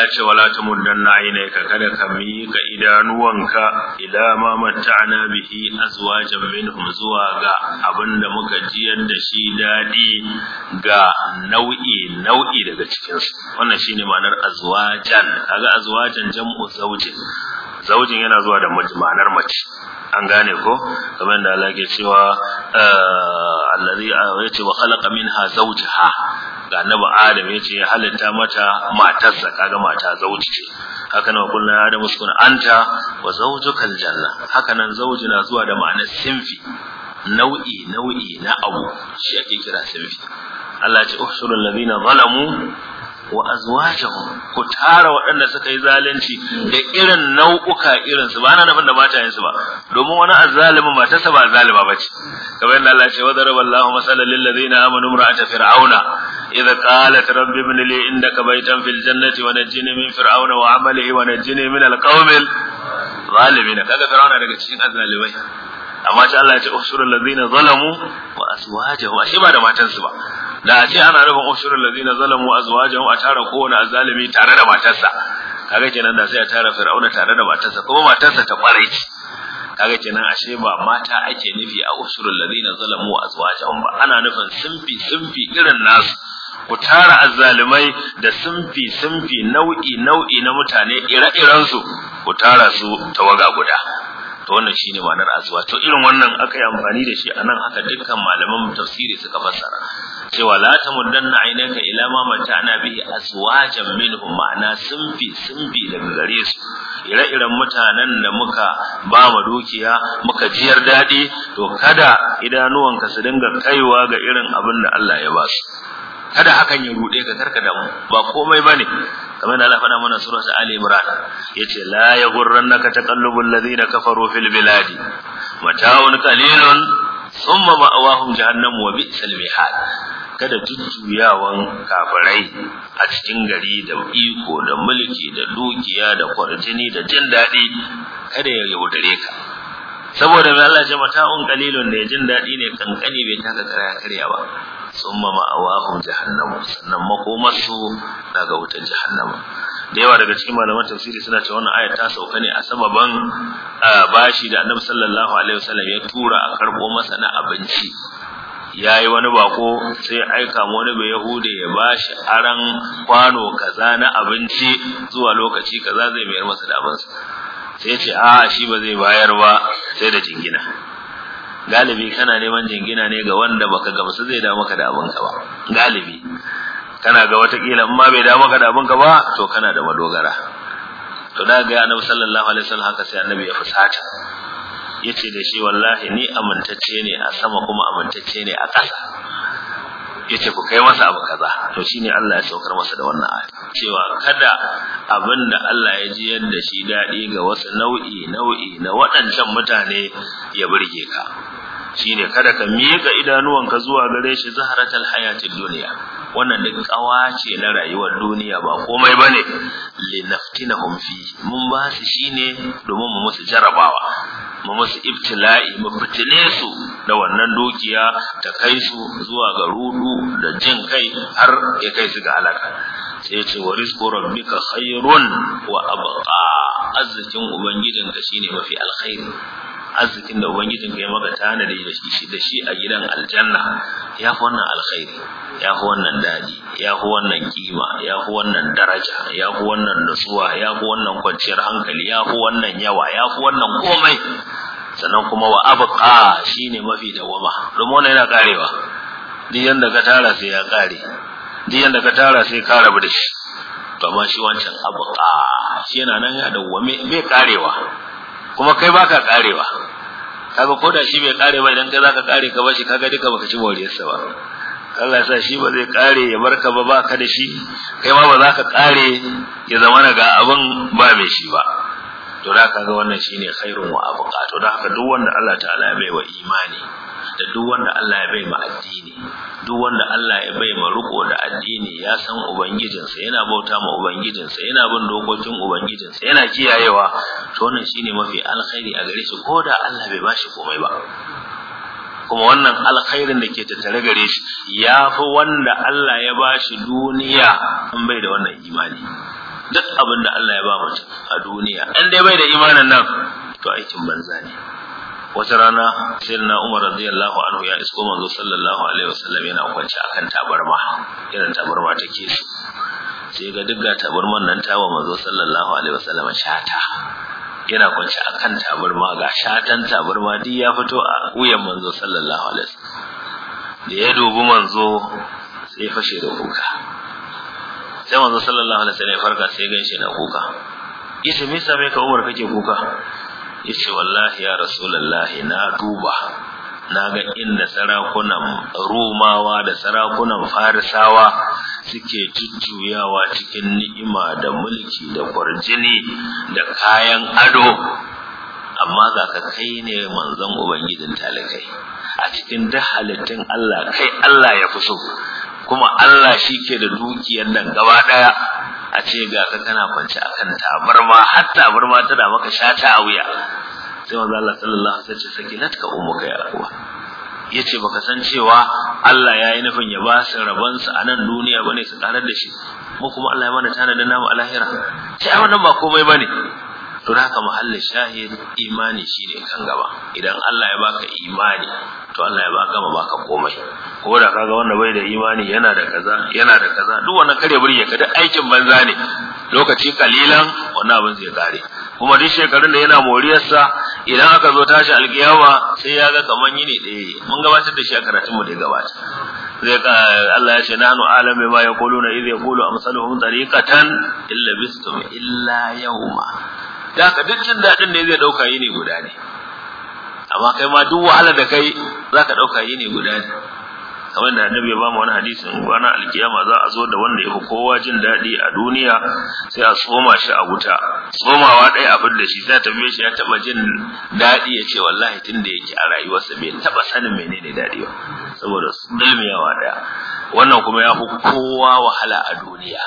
ya ce wala na aina ka, kada ka miƙa idanuwanka ila ma matta'na bihi azwajan minhum zuwa ga abinda muka jiyar da shi dadi ga nau'i nau'i daga cikin su wannan shine ma'anar azwajan kaga azwajan jam'u zawjin zaujin yana zuwa da ma'anar mace an gane ko kamar da Allah ke cewa ah, allazi ah, yace wa khalaqa minha zawjaha ga annabi Adam yace ya halitta mata matarsa kaga mata zauji ce haka nan kullun Adam uskun anta wa zawjukal janna haka nan zauji na zuwa da ma'anar sinfi nau'i nau'i na abu shi ake kira sinfi Allah ya ce uhsulul ladina zalamu wa azwajuhum ku tara waɗanda suka yi zalunci da irin nau'uka irin su ba na nufin da matayen su ba domin wani azzalimin matarsa ba zalima bace kamar yadda Allah ce wa daraba Allahu masalan lil ladzina amanu imra'ata fir'auna idza qalat rabbi ibn li indaka baytan fil jannati wa najjini min fir'auna wa 'amalihi wa najjini min al-qawmil zalimin kaga fir'auna daga cikin azzalimai amma sai Allah ya ce usurul ladzina zalamu wa aswajuhum ashe ba da matansu ba da a ce ana nufin ushurul na zalamu jan a tara kowane azalimi tare da matarsa kaga kenan da sai a tara fir'auna tare da matarsa kuma matarsa ta kware ce kaga kenan ashe ba mata ake nufi a ushurul na zalamu jan ba ana nufin sunfi sunfi irin nasu ku tara azzalimai da sunfi sunfi nau'i nau'i na mutane ire-irensu ku tara su tawaga guda haka wannan shine ma'anar azwa to irin wannan aka yi amfani da shi a nan haka dukkan malaman tafsiri suka fassara cewa la tamuddanna aynaka ila ma mata'na bi azwajan minhum ma'ana sun fi sun bi daga gare su ire-iren mutanen da muka ba mu dukiya muka jiyar daɗi. to kada idanuwanka su dinga kaiwa ga irin abin da Allah ya ba su kada hakan ya rude ka karka damu ba komai bane kamar da Allah faɗa mana surah Ali Imran yace la yaghurrannaka taqallubul ladina kafaru fil biladi mata'un qalilun thumma ma'awahum jahannam wa bi'sal mihad kada jujjuyawan kafirai a cikin gari da iko da mulki da dukiya da kwarjini da jin daɗi kada ya yaudare ka saboda mai Allah ce mata'un qalilun ne jin daɗi ne kankani bai taka karya karya ba summa ma'awahum jahannama, sannan makomarsu daga wutar jahannama da yawa daga cikin malaman tafsiri suna cewa wannan ayat ta sauka ne a sababan bashi da Annabi sallallahu alaihi wasallam ya tura a karbo masa na abinci yayi wani bako sai aika mu wani bayahude ya bashi aran kwano kaza na abinci zuwa lokaci kaza zai mayar masa da abinsa sai ce a shi ba zai bayar ba sai da jingina galibi kana neman jingina ne ga wanda baka gamsu zai da maka da ka ba galibi kana ga wata in ma bai da maka da ka ba to kana da madogara to da ga annabi sallallahu alaihi wasallam haka sai annabi ya fusata yace da shi wallahi ni amintacce ne a sama kuma amintacce ne a ƙasa yace ku kai masa abu kaza to shine Allah ya saukar masa da wannan ayi cewa kada abinda Allah ya ji yadda shi dadi ga wasu nau'i nau'i na waɗancan mutane ya burge ka shine kada ka miƙa idanuwanka zuwa gare shi zaharatal hayatid dunya wannan din kawa ce na rayuwar duniya ba komai bane naftinahum fi mun ba su shine domin mu musu jarabawa mu musu ibtila'i mu fitile su da wannan dukiya ta kai su zuwa ga rudu da jin kai har ya kai su ga halaka sai ya ce wa rizqu rabbika khairun wa abqa arzikin ubangijinka shine mafi alkhairi arzikin da ubangijin ka ya maka tanadi da shi da shi a gidan aljanna ya fi wannan alkhairi ya fi wannan daji ya fi wannan kima ya fi wannan daraja ya fi wannan nutsuwa ya fi wannan kwanciyar hankali ya fi wannan yawa ya fi wannan komai sannan kuma wa abqa shine mafi dawama domin wannan yana karewa duk yanda ka tara sai ya kare duk yanda ka tara sai ka rabu da shi to amma shi wancan abqa shi yana nan ya dawame bai karewa kuma kai baka karewa kaga ko da shi bai kare ba idan kai zaka kare ka bashi kaga duka baka ci sa ba Allah ya sa shi ba zai kare ya barka ba baka da shi kai ma ba za ka kare ya zama na ga abun ba mai shi ba to da kaga wannan shine khairun wa abqa to da haka duk wanda Allah ta'ala ya bai wa imani da duk wanda Allah ya bai ma addini duk wanda Allah ya bai ma riko da addini ya san ubangijinsa yana bauta ma ubangijinsa yana bin dokokin ubangijinsa yana kiyayewa to wannan shine mafi alkhairi a gare shi ko da Allah bai bashi komai ba kuma wannan alkhairin da ke tattare gare shi ya fi wanda Allah ya bashi duniya in bai da wannan imani duk abin da Allah ya ba mutum a duniya in dai bai da imanin nan to aikin banza ne wata rana sayyidina Umar radiyallahu anhu ya isko manzo sallallahu alaihi wasallam yana kwance akan tabarma irin tabarma take su sai ga dukkan tabarman nan tawa manzo sallallahu alaihi wasallam shata yana kwance akan tabarma ga shatan tabarma duk ya fito a wuyan manzo sallallahu alaihi wasallam da ya dubi manzo sai fashe da kuka sai manzo sallallahu alaihi wasallam ya farka sai ganshi na kuka yace me yasa ka Umar kake kuka yace wallahi ya rasulullahi na duba na ga inda sarakunan romawa da sarakunan farisawa suke jujjuyawa cikin ni'ima da mulki da kwarjini da kayan ado amma ga ka kai ne manzon ubangijin talikai a cikin duk halittun Allah kai Allah ya fi so kuma Allah shi ke da dukiyar nan gaba daya a ce ga ka kana kwance kan tabarma har tabarma tana maka shata a wuya sai manzo Allah sallallahu alaihi wasallam ya ce sakinatka ummuka ya rabuwa yace baka san cewa Allah ya yi nufin ya ba su rabon su a nan duniya bane su karar da shi mu kuma Allah ya mana tanadin namu a lahira sai wannan ba komai bane to haka mahallin shahid imani shine kan gaba idan Allah ya baka imani to Allah ya baka ba baka komai ko da kaga wanda bai da imani yana da kaza yana da kaza duk wannan kare buri ya kada aikin banza ne lokaci kalilan wannan abin zai kare kuma duk shekarun da yana moriyarsa idan aka zo tashi alkiyama sai ya ga kaman yini ne, mun gabatar da shi a karatun mu da gabata zai ka Allah ya ce na nahnu alamu ma yaquluna idh yaqulu amsaluhum tariqatan illa bistum illa yawma da ka dukkan dadin ne zai dauka yini guda ne amma kai ma duk wahalar da kai za zaka dauka ne guda ne kamar da annabi ya ba mu wani hadisin gwana alkiyama za a zo da wanda ya fi kowa jin daɗi a duniya sai a tsoma shi a wuta tsomawa ɗaya abin da shi za ta biye shi ya taɓa jin daɗi ya ce wallahi tun da yake a rayuwarsa bai taɓa sanin menene daɗi ba saboda dulmiyawa ɗaya wannan kuma ya fi kowa wahala a duniya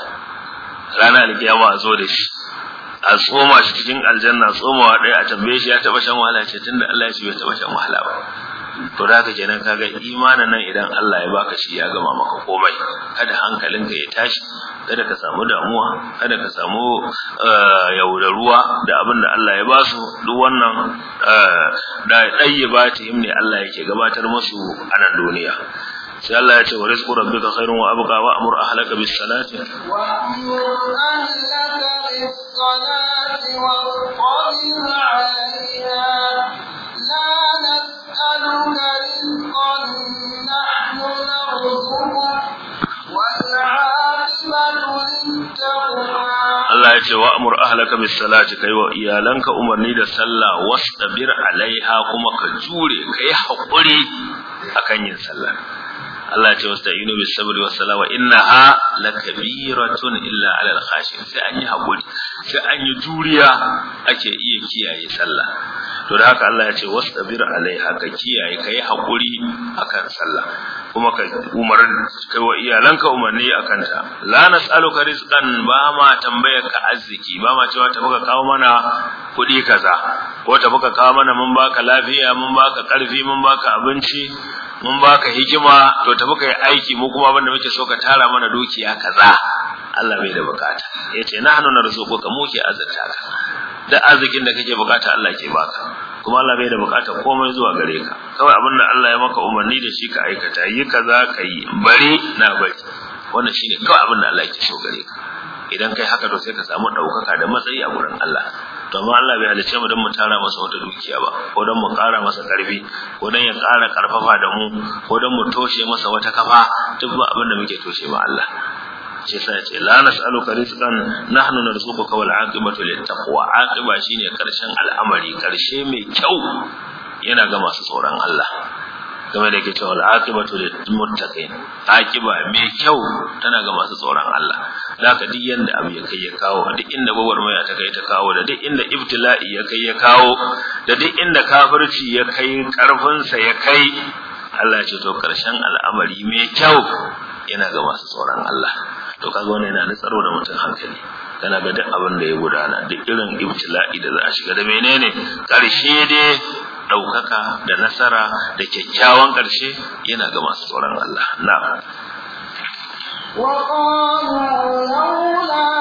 rana alkiyama a zo da shi a tsoma shi cikin aljanna tsomawa ɗaya a tambaye shi ya taɓa shan wahala ce tunda Allah ya ce bai taɓa shan wahala ba to da nan ka ga imanin nan idan Allah ya baka shi ya gama maka komai kada hankalinka ya tashi kada ka samu damuwa kada ka samu eh, yaudaruwa da abin da Allah ya basu duk wannan eh, da ɗayyaba ta ne Allah yake gabatar musu a nan duniya sai Allah ya ce wa rizqu rabbika khairun wa abqa wa amur ahlaka bis salati wa amur ahlaka bis salati wa alayha la nas'aluka rizqan nahnu narzuquka Allah ya ce wa iyalanka umarni da sallah wastabir alaiha kuma ka jure haƙuri a akan yin sallah Allah ya ce wasta'inu bis sabri was sala wa innaha lakabiratun illa 'alal khashin sai an yi hakuri sai an yi juriya ake iya kiyaye sallah to da haka Allah ya ce wastabir alaiha ka kiyaye kai hakuri akan sallah kuma ka umar kai wa iyalanka umarni akan ta la nas'aluka rizqan ba ma tambayar ka arziki ba ma cewa tafi ka kawo mana kuɗi kaza ko tafi ka kawo mana mun baka lafiya mun baka ƙarfi mun baka abinci mun baka hikima to tafi ka yi aiki mu kuma abinda muke so ka tara mana dukiya kaza Allah bai da bukata yace nahnu narzuquka muke ke da arzikin da kake bukata Allah ke baka kuma Allah bai da bukatar komai zuwa gare ka kawai abin da Allah ya maka umarni da shi ka aikata yi ka za ka yi bari na bari wannan shine kawai abin da Allah yake so gare ka idan kai haka to sai ka samu ɗaukaka da matsayi a gurin Allah to amma Allah bai halice mu don mu tara masa wata dukiya ba ko dan mu ƙara masa ƙarfi ko don ya ƙara karfafa da mu ko don mu toshe masa wata kafa duk ba abin da muke toshe ma Allah shi sai ce la nas'aluka rizqan nahnu narzuquka wal aqibatu lit taqwa aqiba shine karshen al'amari karshe mai kyau yana ga masu tsoron Allah game da yake cewa aqibatu lit muttaqin aqiba mai kyau tana ga masu tsoron Allah zaka duk yanda abu ya kai ya kawo duk inda gwagwarmaya ta kai ta kawo da duk inda ibtila'i ya kai ya kawo da duk inda kafirci ya kai karfin sa ya kai Allah ya ce to karshen al'amari mai kyau yana ga masu tsoron Allah to kaga wannan yana tsaro da mutum hankali kana ga duk abin da ya gudana duk irin ibtila'i da za a shiga da menene karshe dai ɗaukaka da nasara da kyakkyawan ƙarshe yana ga masu tsoron Allah na'am وقالوا لولا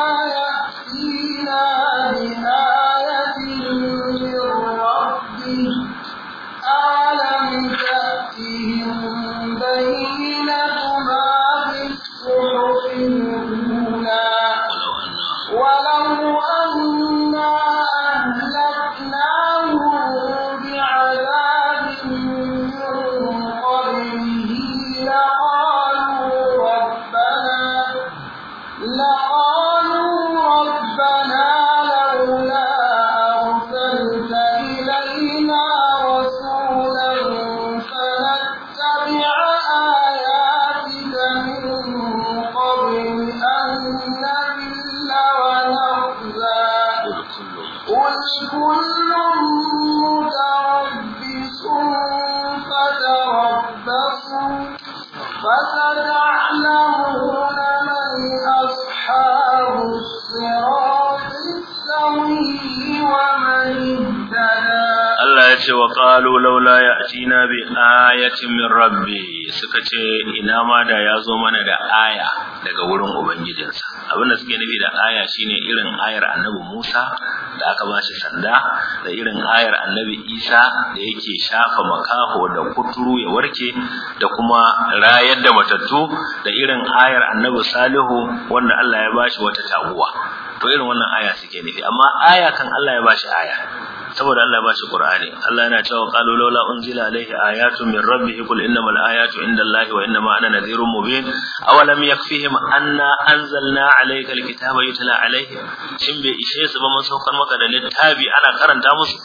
ce wa qalu laula ya'tina bi ayatin min rabbi suka ce ina ma da ya zo mana da aya daga wurin ubangijinsa abinda suke nufi da aya shine irin ayar annabi Musa da aka ba shi sanda da irin ayar annabi Isa da yake shafa makaho da kuturu ya warke da kuma rayar da matattu da irin ayar annabi Salihu wanda Allah ya bashi wata taguwa to irin wannan aya suke nufi amma aya kan Allah ya ba shi aya saboda Allah ya bashi Qur'ani Allah yana cewa qalu laula unzila alayhi ayatun min rabbih qul innamal ayatu indallahi wa innama ana nadhirun mubin awalam yakfihim anna anzalna alayka alkitaba yutla alayhi shin bai ishe su ba mun saukar maka da littafi ana karanta musu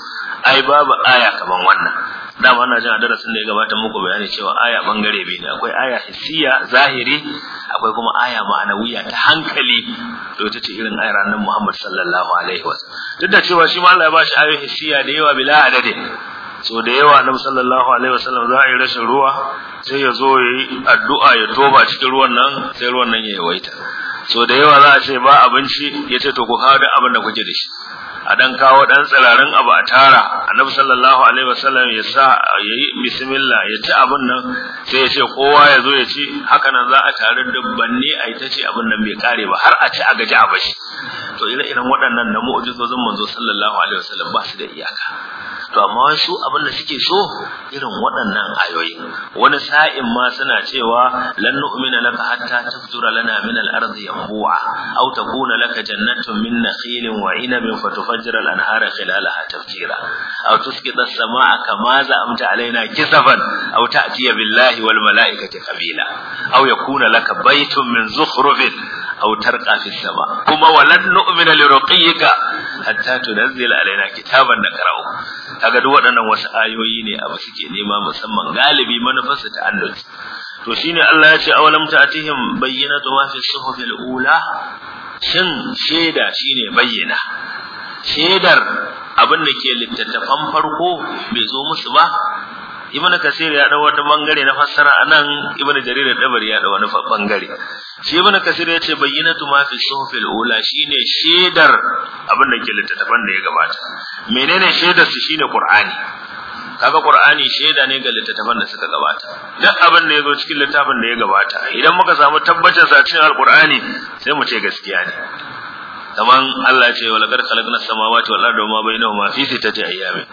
ai babu aya kamar wannan dama ana jin a darasin da ya gabata muku bayani cewa aya bangare biyu ne akwai aya hissiya zahiri akwai kuma aya ma'anawiya ta hankali To ita ce irin ayar annabi Muhammad sallallahu alaihi wasallam duk da cewa shi ma Allah ya bashi aya hissiya da yawa bila adadi so da yawa annabi sallallahu alaihi wasallam za a yi rashin ruwa sai ya zo ya yi addu'a ya toba cikin ruwan nan sai ruwan nan ya yawaita so da yawa za a ce ba abinci ya ce to ku kawo da abin da kuke da shi a dan kawo ɗan tsirarin abu a tara annabi sallallahu alaihi wasallam ya sa yayi bismillah ya ci abin nan sai ya ce kowa ya zo ya ci haka nan za a tare dubbanni yi ta ci abin nan bai kare ba har a ci a gaji a bashi to ire-iren waɗannan na mu'jizozin manzo sallallahu alaihi wasallam ba su da iyaka to amma wasu abin da suke so irin waɗannan ayoyi wani sa'in ma suna cewa lan nu'mina laka hatta tafjura lana min al-ardi yanbu'a aw takuna laka jannatun min nakhilin wa 'inabin fatufajjira تفجر الأنهار خلالها تفجيرا أو تسقط السماء كما زعمت علينا كسفا أو تأتي بالله والملائكة قبيلا أو يكون لك بيت من زخرف أو ترقى في السماء كما ولن نؤمن لرقيك hatta tunzil alaina kitaban nakra'u kaga duk waɗannan wasu ayoyi ne abu suke nema musamman galibi manufarsu ta annabi to shine Allah ya ce awalam ta'tihim bayyinatu wa fi suhufil ula shin sheda shine bayyana shaidar abin da ke littattafan farko bai zo musu ba ibn kasir ya dau wata bangare na fassara anan ibn jarir dabari ya dau wani bangare shi ibn kasir ya ce bayyinatu ma fi suhufil ula shine shedar abin da ke littattafan da ya gabata menene shedar su shine qur'ani kaga qur'ani sheda ne ga littattafan da suka gabata duk abin da yazo cikin littafin da ya gabata idan muka samu tabbacin sa cikin alqur'ani sai mu ce gaskiya ne kaman Allah ce wala laqad khalaqna samawati wal arda wama bainahuma fi sittati ayyamin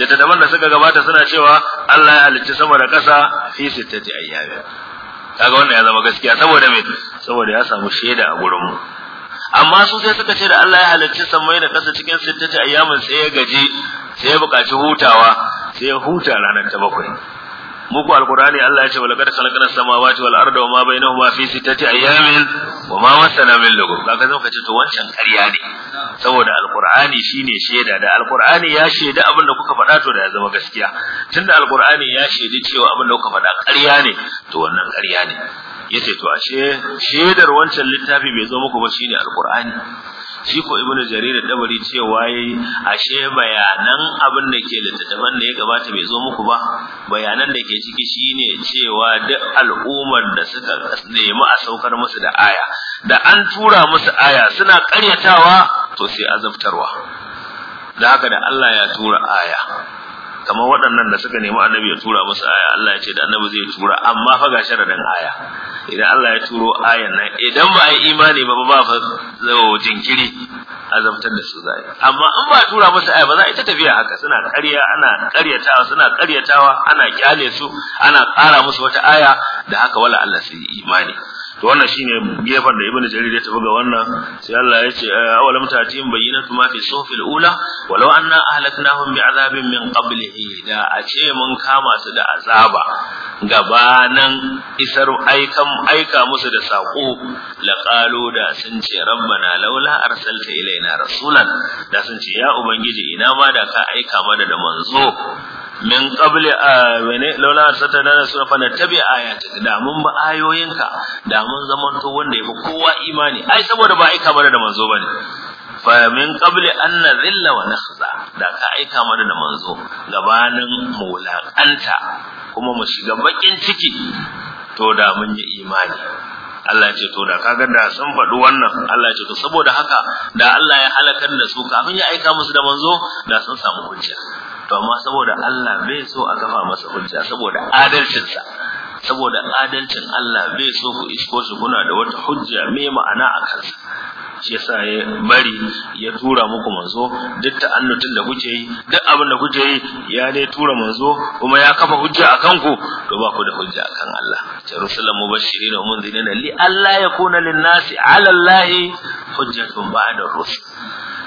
littattafan da suka gabata suna cewa Allah ya halicci sama da ƙasa fi sittati ayyamin kaga wannan ya zama gaskiya saboda me saboda ya samu shaida a gurin mu amma su sai suka ce da Allah ya halicci sama da kasa cikin sittati ayyamin sai ya gaji sai ya buƙaci hutawa sai ya huta ranar ta bakwai muku alqur'ani Allah ya ce wala qad khalaqna samawati wal arda wama bainahuma fi sittati ayamin wama masana min lugu kaga zan ka ce to wancan ƙarya ne saboda alqur'ani shine sheda da alqur'ani ya sheda abin da kuka faɗa to da ya zama gaskiya tunda alqur'ani ya shedi cewa abin da kuka faɗa ƙarya ne to wannan ƙarya ne yace to ashe shedar wancan littafi bai zo muku ba shine alqur'ani shi ko ibnu jarir dabari cewa yayi ashe bayanan abin da ke littattafan da ya gabata bai zo muku ba bayanan da ke ciki shine cewa duk al'ummar da suka nemi a saukar musu da aya da an tura musu aya suna karyatawa to sai azabtarwa da haka da Allah ya tura aya kamar waɗannan da suka nemi annabi ya tura musu aya Allah ya ce da annabi zai tura amma fa ga sharadan aya idan Allah ya turo ayan nan idan ba a yi imani ba ba fa jinkiri azabtar da su zai amma in ba tura musu aya ba za a ita tafiya haka suna ƙarya ana ƙaryatawa suna ƙaryatawa ana kyale su ana ƙara musu wata aya da haka wala Allah su yi imani to wannan shine gefen da ibnu jarir ya tafi ga wannan sai Allah ya ce eh, awalam tatim bayyinatu ma fi sufil ula walau anna ahlaknahum bi'adabin min qablihi da a ce mun kama su da azaba gabanan isar aikan aika musu da sako laqalu da sun ce rabbana laula arsalta ilaina rasulan da sun ce ya ubangiji ina ma da ka aika mana da manzo min qabli wane laula arsaltana rasula fa natabi ayatika da mun ba ayoyinka da mun zaman to wanda yafi kowa imani ai saboda ba aika bare da manzo bane fa min qabli an nadhilla wa nakhza da ka aika mana da manzo gabanin mulakanta kuma mu shiga bakin ciki to da mun yi imani Allah ce to da kaga da sun faɗi wannan Allah ce to saboda haka da Allah ya halakar da su kafin ya aika musu da manzo da sun samu hujja to amma saboda Allah bai so a kafa masa hujja saboda adalcinsa saboda adalcin Allah bai so ku isko shi kuna da wata hujja mai ma'ana a kansa shi yasa ya bari ya tura muku manzo duk ta'annutin da kuke yi duk abin da kuke yi ya dai tura manzo kuma ya kafa hujja akan ku to ba ku da hujja akan Allah ta rusulan mubashirin wa munzirin li ya yakuna lin nasi ala Allah hujjatun ba'da rusul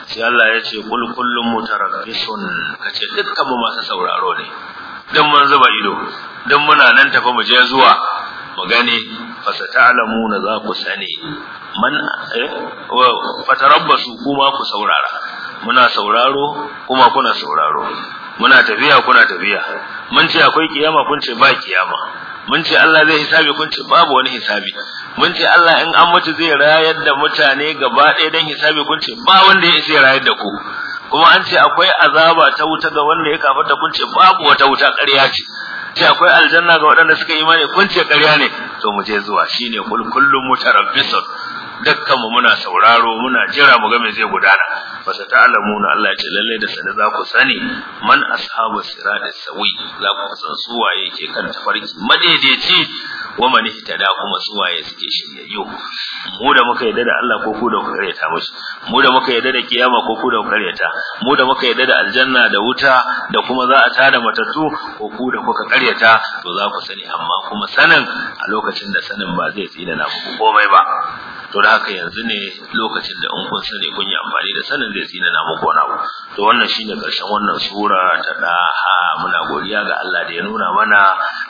sai Allah ya ce kul kullum mutarabbisun kace dukkan mu masu sauraro ne dan mun zuba ido dan muna nan tafi mu je zuwa mu gane na za ku sani man eh, tarabbasu kuma ku saurara muna sauraro kuma kuna sauraro muna tafiya kuna tafiya mun ce akwai kiyama kun ce ba kiyama mun ce Allah zai hisabi kun ce babu wani hisabi mun ce Allah in an mutu zai rayar da mutane gaba ɗaya don hisabi kun ce ba wanda ya isa rayar da ku kuma an ce akwai azaba ta wuta ga wanda ya kafarta kun ce babu wata wuta ƙarya ce ce akwai aljanna ga waɗanda suka imani kun ce ƙarya ne to mu je zuwa shine kullum mutarabbisun dukkanmu muna sauraro muna jira mu ga me zai gudana fa sa na Allah ya ce lalle da sani za ku sani man ashabu sirat sawi za ku san su waye ke kan tafarki madaidaici wa man ihtada kuma su waye suke shiryayyo mu da muka yarda da Allah ko ku da ku rayata mushi mu da muka yarda da kiyama ko ku da karyata mu da muka yarda da aljanna da wuta da kuma za a tada matattu ko ku da kuka karyata to za ku sani amma kuma sanin a lokacin da sanin ba zai tsina na ku komai ba to da haka yanzu ne lokacin da in kun sani kun yi amfani da sanin zai tsina na muku wani abu to wannan shine karshen wannan sura ta daha muna godiya ga Allah da ya nuna mana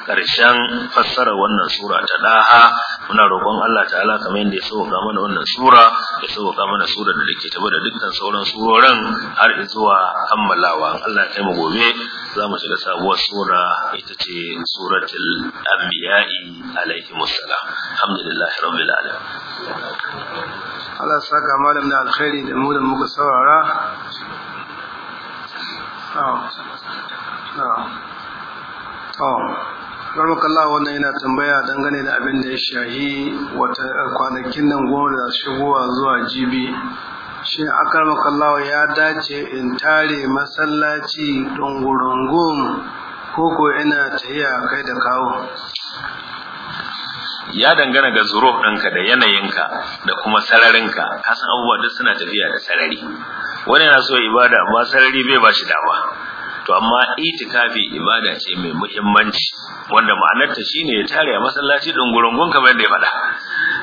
karshen fassarar wannan sura ta daha muna roƙon Allah ta'ala kamar yadda ya ga mana wannan sura ya ga mana sura. da ke tafi da dukkan sauran surorin har zuwa kammalawa Allah ya mu gobe za mu shiga sabuwar sura ita ce suratul anbiya'i alaihi wassalam alhamdulillahi rabbil alamin Allah saka malam da alkhairi da mu da muka saurara Oh. karmaka Allah wannan yana tambaya dangane da abin da ya shahi wata eh, kwanakin nan goma da shigowa zuwa jibi shi akarmaka Allah ya dace in tare masallaci dungurungun koko ina tahiya kai da kawo ya dangana ga zuruh ɗinka da yanayinka da kuma sararinka kasan abubuwa duk suna tafiya da sarari wani yana so ibada amma sarari bai ba shi dama to amma itikafi ibada ce mai muhimmanci wanda ma'anarta shine ya tare a masallaci don gurungun kamar da ya faɗa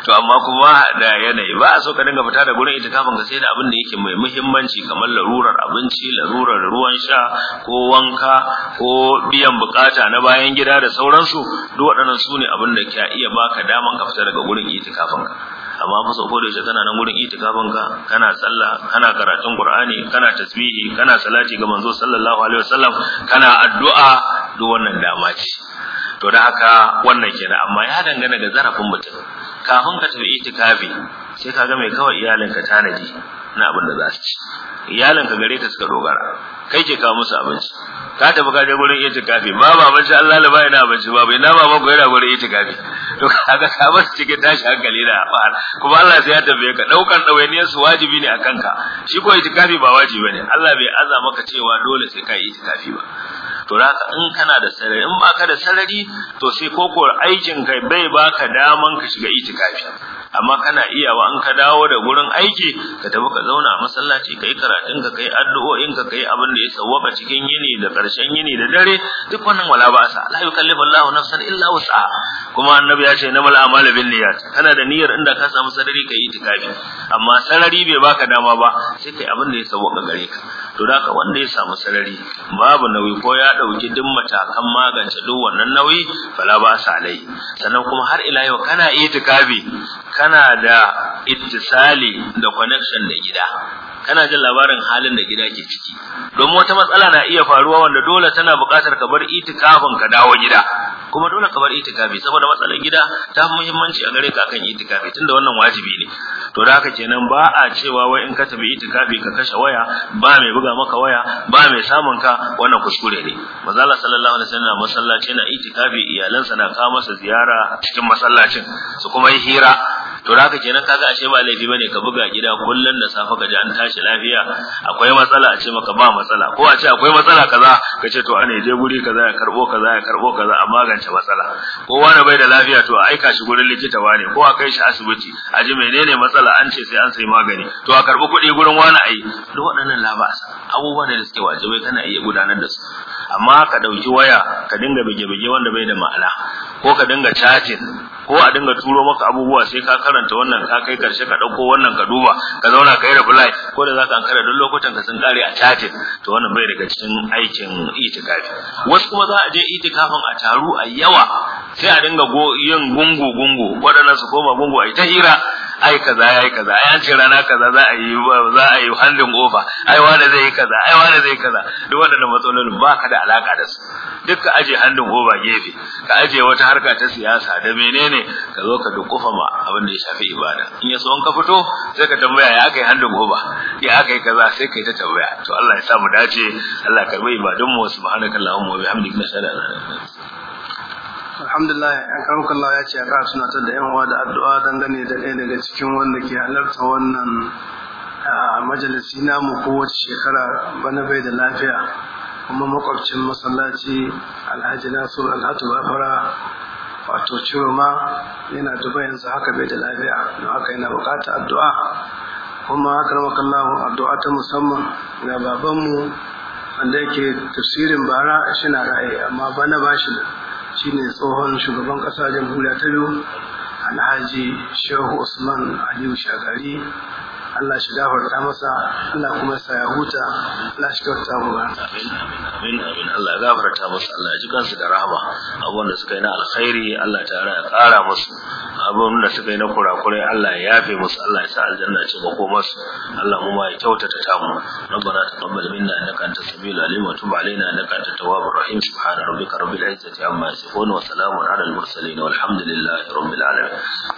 to amma kuma da yanayi ba a so ka dinga fita da gurin itikafin ka sai da abin da yake mai muhimmanci kamar larurar abinci larurar ruwan sha ko wanka ko biyan bukata na bayan gida da sauransu duk waɗannan su ne abin da ka iya baka daman ka fita daga gurin itikafin ka amma fa ko da kana nan gurin itikafin ka kana sallah kana karatun qur'ani kana tasbihi kana salati ga manzo sallallahu alaihi wasallam kana addu'a duk wannan dama ce to da haka wannan kenan amma ya dangana da zarafin mutum kafin ka tafi itikafi sai ka ga mai kawai iyalinka tanadi na abin da za su ci iyalanka gare ta suka dogara kai ke kawo musu abinci ka tafi ka je gurin yin tikafi ma ba abinci Allah la bai na abinci ba bai na ba ko yana gurin yin tikafi to kaga ka ba su cikin tashi hankali da fara kuma Allah sai ya tabbaye ka daukan dawainiyar su wajibi ne akan ka shi ko itikafi ba wajibi bane Allah bai aza maka cewa dole sai ka yi itikafi ba to raka in kana da sarari in baka da sarari to sai koko aikin kai bai baka daman ka shiga itikafi amma kana iya wa an ka dawo da gurin aiki ka tafi ka zauna a masallaci kai karatun ka kai addu'o'in ka kai abin da ya sawwaka cikin yini da karshen yini da dare duk wannan wala ba sa la yukallifu Allahu nafsan illa wus'a kuma annabi ya ce mal amal bin niyyat kana da niyyar inda ka samu sarari kai itikafi amma sarari bai baka dama ba sai kai abin da ya sawwaka gare ka to ka wanda ya samu sarari babu nauyi ko ya dauki duk matakan magance duk wannan nauyi fala ba sa lai sannan kuma har ila yau kana itikafi kana da ittisali da connection da gida kana jin labarin halin da gida ke ciki domin wata matsala na iya faruwa wanda dole tana buƙatar ka bar itikafin ka dawo gida kuma dole ka bar itikafi saboda matsalar gida ta muhimmanci a gare ka akan itikafi tunda wannan wajibi ne to da haka kenan ba a cewa wai in ka tafi itikafi ka kashe waya ba mai buga maka waya ba mai samun ka wannan kuskure ne maza sallallahu alaihi wasallam masallaci na itikafi iyalansa na kawo masa ziyara cikin masallacin su kuma yi hira to da haka kenan kaga ashe ba laifi bane ka buga gida kullun da safe ka ji an tashi ce lafiya akwai matsala a ce maka ba matsala ko a ce akwai matsala kaza ka ce to ana je guri kaza ya karbo kaza ya karbo kaza a magance matsala ko wani bai da lafiya to a aika shi gurin likita wane ko a kai shi asibiti a ji menene matsala an ce sai an sai magani to a karbi kuɗi gurin wani ayi duk waɗannan labasa abubuwan da suke wajibai kana iya gudanar da su amma ka ɗauki waya ka dinga bige-bige wanda bai da ma'ana ko ka dinga chatting ko a dinga turo maka abubuwa sai ka karanta wannan ka kai karshe ka dauko wannan ka duba ka zauna ka yi reply ko da za ka ankara don lokutan ka sun kare a chatting to wannan bai daga cikin aikin itikafi wasu kuma za a je itikafin a taru a yawa sai a dinga yin gungu gungu waɗannan su koma gungu a yi ta hira ai kaza ai kaza ai an ce rana kaza za a yi za a yi handin over ai wanda zai yi kaza ai wanda zai yi kaza duk waɗannan matsalolin ba ka da alaka da su duk ka aje handin over gefe ka aje wata harka ta siyasa da menene ka zo ka dukufa ma abin da ya shafi ibada in ya so in ka fito sai ka tambaya ya aka yi handin ofa ya aka yi kaza sai ka yi ta tambaya to Allah ya sa mu dace Allah ya karbi ibadun mu subhanakallahumma wa bihamdika nashhadu an la ilaha illa anta alhamdulillah ya karuka Allah ya ce a ƙara ta da yan uwa da addu'a dangane da ɗaya daga cikin wanda ke halarta wannan majalisi namu kowace shekara bana bai da lafiya kuma makwabcin masallaci alhaji nasiru alhatu bafara wato ciroma yana duba yanzu haka bai da lafiya don haka yana bukata addu'a kuma haka Allah addu'a ta musamman ga babanmu wanda yake tafsirin bara shi na ra'ayi amma bana ba shi da shine tsohon shugaban ƙasa jamhuriya ta biyu alhaji shehu usman aliyu shagari Allah shi gafarta masa Allah kuma sa ya huta Allah shi kyauta mu ba amin amin Allah ya gafarta masa Allah ya ji kansu da rahama abun da suka yi na alkhairi Allah ta'ala ya ƙara musu abun da suka yi na kurakurai Allah ya yafe musu Allah ya sa aljanna ce ba ko masu Allah mu ma ya kyautata ta mu rabbana taqabbal minna innaka antas samiul alim wa tub alaina innaka antat tawwabur rahim subhana rabbika rabbil izzati amma yasifun wa salamun ala al mursalin walhamdulillahi rabbil alamin